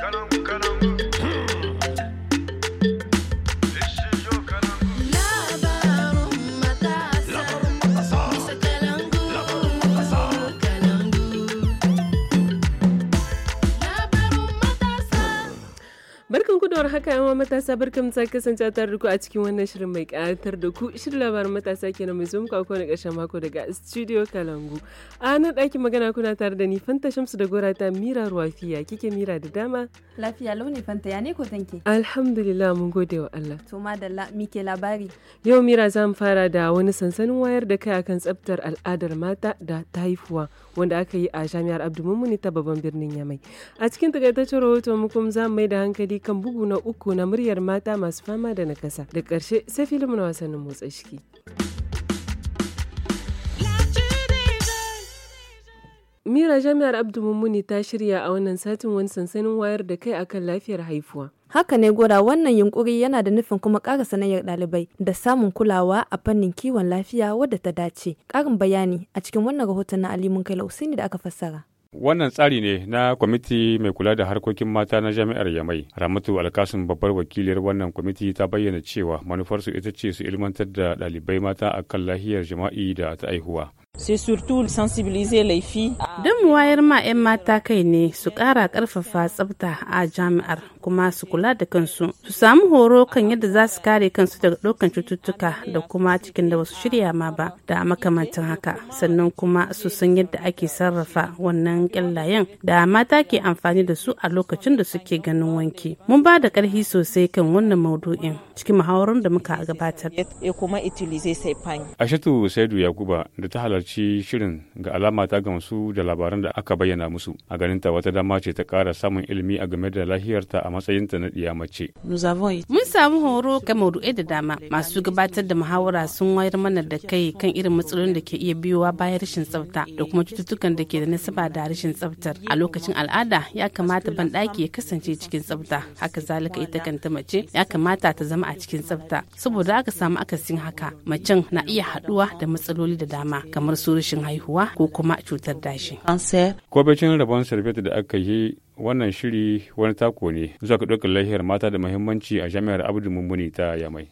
Shalom. haka yawan matasa barkam ta kasance tare da ku a cikin wannan shirin mai ƙayatar da ku shirin labarin matasa na mai zuwa muku na ƙarshen mako daga studio Kalangu. A nan ɗakin magana kuna tare da ni Fanta Shamsu da Gora ta Mira Ruwafiya kike Mira da dama. Lafiya launi Fanta ya ne ko tanke? Alhamdulillah mun gode wa Allah. To madalla mike labari. Yau Mira za mu fara da wani sansanin wayar da kai akan tsabtar al'adar mata da ta wanda aka yi a jami'ar abdulmumuni ta babban birnin yamai a cikin takaitaccen rahoton mu kuma za mu mai da hankali kan bugu na uku na muryar mata masu fama da nakasa da ƙarshe sai filin na wasannin motsa ciki. Mira Jami'ar Abdu Mummuni ta shirya a wannan satin wani sansanin wayar da kai akan lafiyar haifuwa. Haka ne gora wannan yunkuri yana da nufin kuma ƙara sanayyar ɗalibai da samun kulawa a fannin kiwon lafiya wadda ta dace. Ƙarin bayani a cikin wannan rahoton na Alimun kai Usaini da aka fassara. Wannan tsari ne na kwamiti mai kula da harkokin mata na jami'ar Yamai. Ramatu Alkasun babbar wakiliyar wannan kwamiti ta bayyana cewa manufarsu ita ce su ilmantar da ɗalibai mata akan lahiyar jima'i da ta aihuwa. sensibiliser Don mu wayar ma 'yan mata kai ne su kara karfafa tsabta a jami'ar kuma su kula da kansu su samu horo kan yadda za su kare kansu daga ɗaukan cututtuka da kuma cikin da wasu shirya ma ba da makamantan haka sannan kuma su san yadda ake sarrafa wannan ƙyallayen da mata ke amfani da su a lokacin da suke ganin wanki. Mun ba da ƙarfi sosai kan wannan maudu'in cikin muhawarar da muka gabatar. shatu Saidu Yakuba da ta halarci ci shirin ga alama ta gamsu da labaran da aka bayyana musu a ganinta wata dama ce ta kara samun ilimi a game da lahiyarta a matsayinta na ɗiya mace. Mun samu horo ga maudu'ai da dama masu gabatar da muhawara sun wayar mana da kai kan irin matsalolin da ke iya biyowa bayan rashin tsafta da kuma cututtukan da ke da nasaba da rashin tsaftar. A lokacin al'ada ya kamata banɗaki ya kasance cikin tsafta haka zalika ita kanta mace ya kamata ta zama a cikin tsafta saboda aka samu akasin haka macen na iya haɗuwa da matsaloli da dama kamar su haihuwa ko kuma cutar dashi. Ko bacin rabon sarfeta da aka yi wannan shiri wani tako ne zuwa ka ɗaukar lahiyar mata da muhimmanci a jami'ar Abdu Mummuni ta Yamai.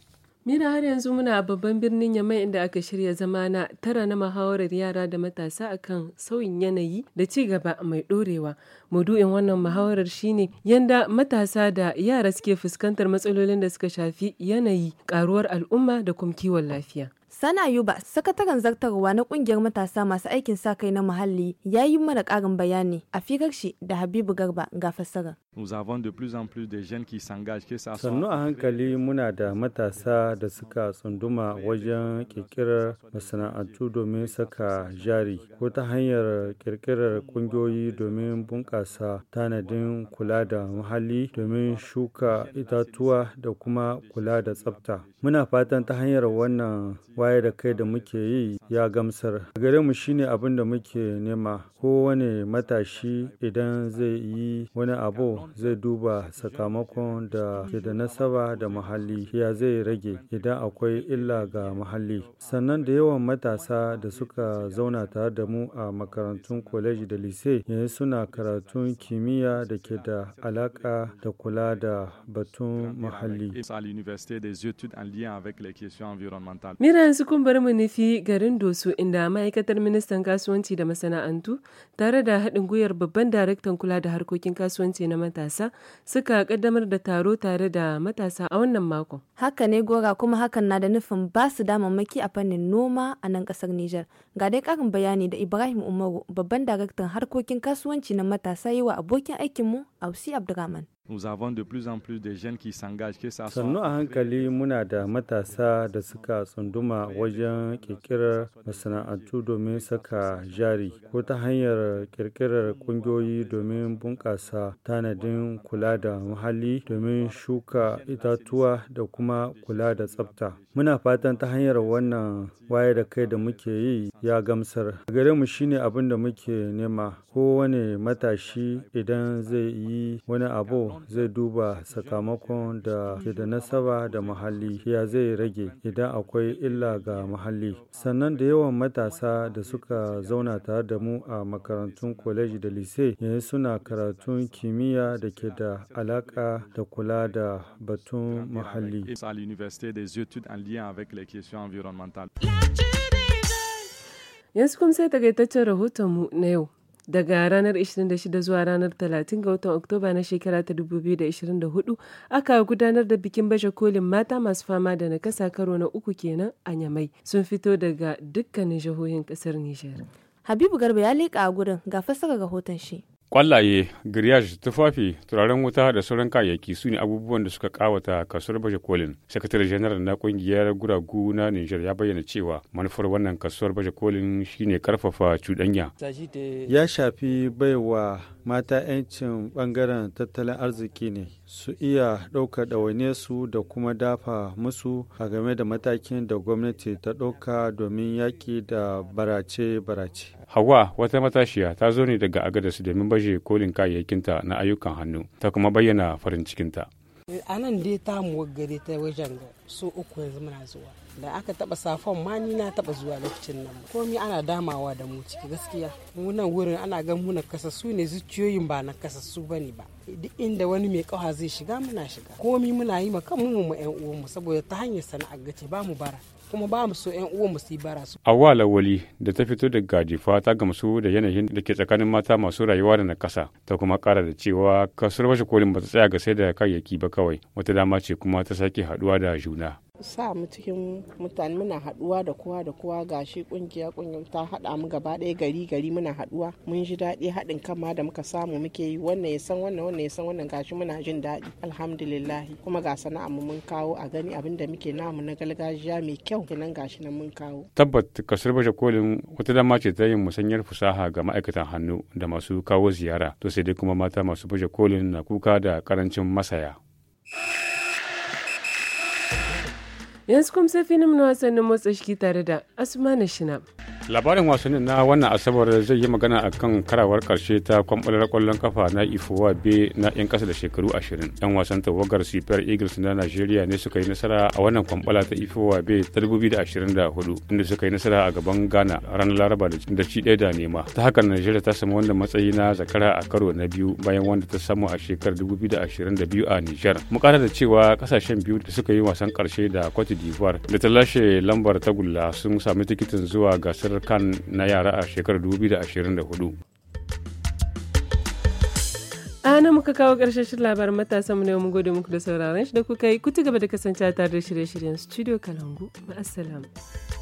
Mira har yanzu muna a babban birnin Yamai inda aka shirya zama na tara na muhawarar yara da matasa akan sauyin yanayi da ci gaba mai ɗorewa. Maudu'in wannan muhawarar shine yanda matasa da yara suke fuskantar matsalolin da suka shafi yanayi, karuwar al'umma da kuma kiwon lafiya. Sana Yuba, sakataren zartarwa na kungiyar matasa masu aikin sa kai na muhalli, ya yi mana ƙarin bayani a firar shi da Habibu Garba ga fassara. Sannu a hankali muna da matasa da suka tsunduma wajen kirkirar masana'antu domin saka jari ko ta hanyar kirkirar kungiyoyi domin bunƙasa tanadin kula da muhalli domin shuka itatuwa da kuma kula da tsafta. Muna fatan ta hanyar wannan waye da kai da muke yi ya gamsar gare mu shine abin da muke nema kowane matashi idan zai yi wani abu zai duba sakamakon da ke da nasaba da muhalli ya zai rage idan akwai illa ga muhalli sannan da yawan matasa da suka zauna tare da mu a makarantun kwaleji da lise yanzu suna karatun kimiyya da ke da alaka da kula da batun muhalli. yanzu kun bar mu nufi garin Doso inda ma'aikatar ministan kasuwanci da masana'antu tare da haɗin gwiwar babban daraktan kula da harkokin kasuwanci na matasa suka kaddamar da taro tare da matasa a wannan makon. Haka ne gora kuma hakan na da nufin ba su damammaki a fannin noma a nan kasar Nijar. Ga dai ƙarin bayani da Ibrahim Umaru babban daraktan harkokin kasuwanci na matasa yi wa abokin aikinmu Ausi Abdurrahman. nous avons de plus en plus de jeunes qui s'engagent que ça sannu a hankali muna da matasa da suka tsunduma wajen kirkirar masana'antu domin saka jari ko ta hanyar kirkirar kungiyoyi domin bunƙasa tanadin kula da muhalli domin shuka itatuwa da kuma kula da tsafta muna fatan ta hanyar wannan waye da kai da muke yi ya gamsar gare mu shine abin da muke nema kowane matashi idan zai yi wani abu zai duba sakamakon da ke da nasaba da muhalli ya zai rage idan akwai illa ga muhalli sannan da yawan matasa da suka zauna tare da mu a makarantun kwaleji da lise yanzu suna karatun kimiyya da ke da alaka da kula da batun muhalli yanzu kuma sai takaitaccen rahotonmu na yau daga ranar 26 zuwa ranar 30 ga watan Oktoba na shekara ta 2024 aka gudanar da bikin baje kolin mata masu fama da nakasa karo na uku kenan a Nyamai sun fito daga dukkanin jihohin kasar Nijar. Habibu Garba ya leƙa a gurin ga fasaka ga hoton shi. Kwallaye, giriyaj, tufafi, turaren wuta da sauran kayayyaki su ne abubuwan da suka kawata kasuwar baje kolin. Sakatare janar na kungiyar guragu na Nijar ya bayyana cewa manufar wannan kasuwar baje kolin shine karfafa cuɗanya. Ya shafi baiwa mata 'yancin ɓangaren tattalin arziki ne su iya ɗaukar ɗawane su da kuma dafa musu a game da matakin da gwamnati ta ɗauka domin yaƙi da barace-barace. Hawa wata matashiya ta zo ne daga agadasu domin baje kolin kayayyakinta na ayyukan hannu ta kuma bayyana farin cikinta. a nan dai ta gari ta wajen so uku yanzu muna zuwa da aka taba safon ma ni na taba zuwa lokacin nan komi ana damawa da mu ciki gaskiya mu nan wurin ana gan mu su ne zuciyoyin ba na su bane ba duk inda wani mai kawa zai shiga muna shiga komi muna yi ma kanmu mu yan uwanmu saboda ta hanyar sana'ar gace ba mu bara kuma ba mu so 'yan uwan mu su yi bara su. Awa wali da ta fito daga gajifa ta gamsu da yanayin da ke tsakanin mata masu rayuwa da na kasa ta kuma kara da cewa kasuwar washe kolin ba ta tsaya ga sai da kayayyaki ba kawai wata dama ce kuma ta sake haduwa da juna sa mu cikin mutane muna haduwa da kowa da kowa gashi kungiya kungiya ta hada mu gaba ɗaya gari gari muna haduwa mun ji daɗi haɗin kan ma da muka samu muke yi wannan ya san wannan wannan ya san wannan gashi muna jin daɗi alhamdulillah kuma ga sana'a mu mun kawo a gani abin da muke namu na gargajiya mai kyau kenan gashi nan mun kawo tabbat kasar bashe kolin wata dama ce ta yin musanyar fusaha ga ma'aikatan hannu da masu kawo ziyara to sai dai kuma mata masu bashe kolin na kuka da karancin masaya Yanzu kuma sai filin na wasannin motsa shiki tare da Asma na Shina. labarin wasannin na wannan asabar zai yi magana a kan karawar karshe ta kwamɓalar kwallon kafa na ifowa b na 'yan kasa da shekaru ashirin 'yan wasan tawagar super eagles na nigeria ne suka yi nasara a wannan kwamfala ta ifowa b ta 2024 inda suka yi nasara a gaban ghana ranar laraba da ci ɗaya da nema ta haka nigeria ta samu wanda matsayi na zakara a karo na biyu bayan wanda ta samu a shekarar 2022 a niger mu kara da cewa kasashen biyu da suka yi wasan karshe da cote d'ivoire da ta lashe lambar tagulla sun sami tikitin zuwa gasar kan na yara a shekarar 2024 ana muka kawo ƙarshen shirin labarin matasa mu ne mu gode muku da sauraron shi da kuka yi ku ci gaba da kasancewa tare da shirye-shiryen studio kalangu asalam.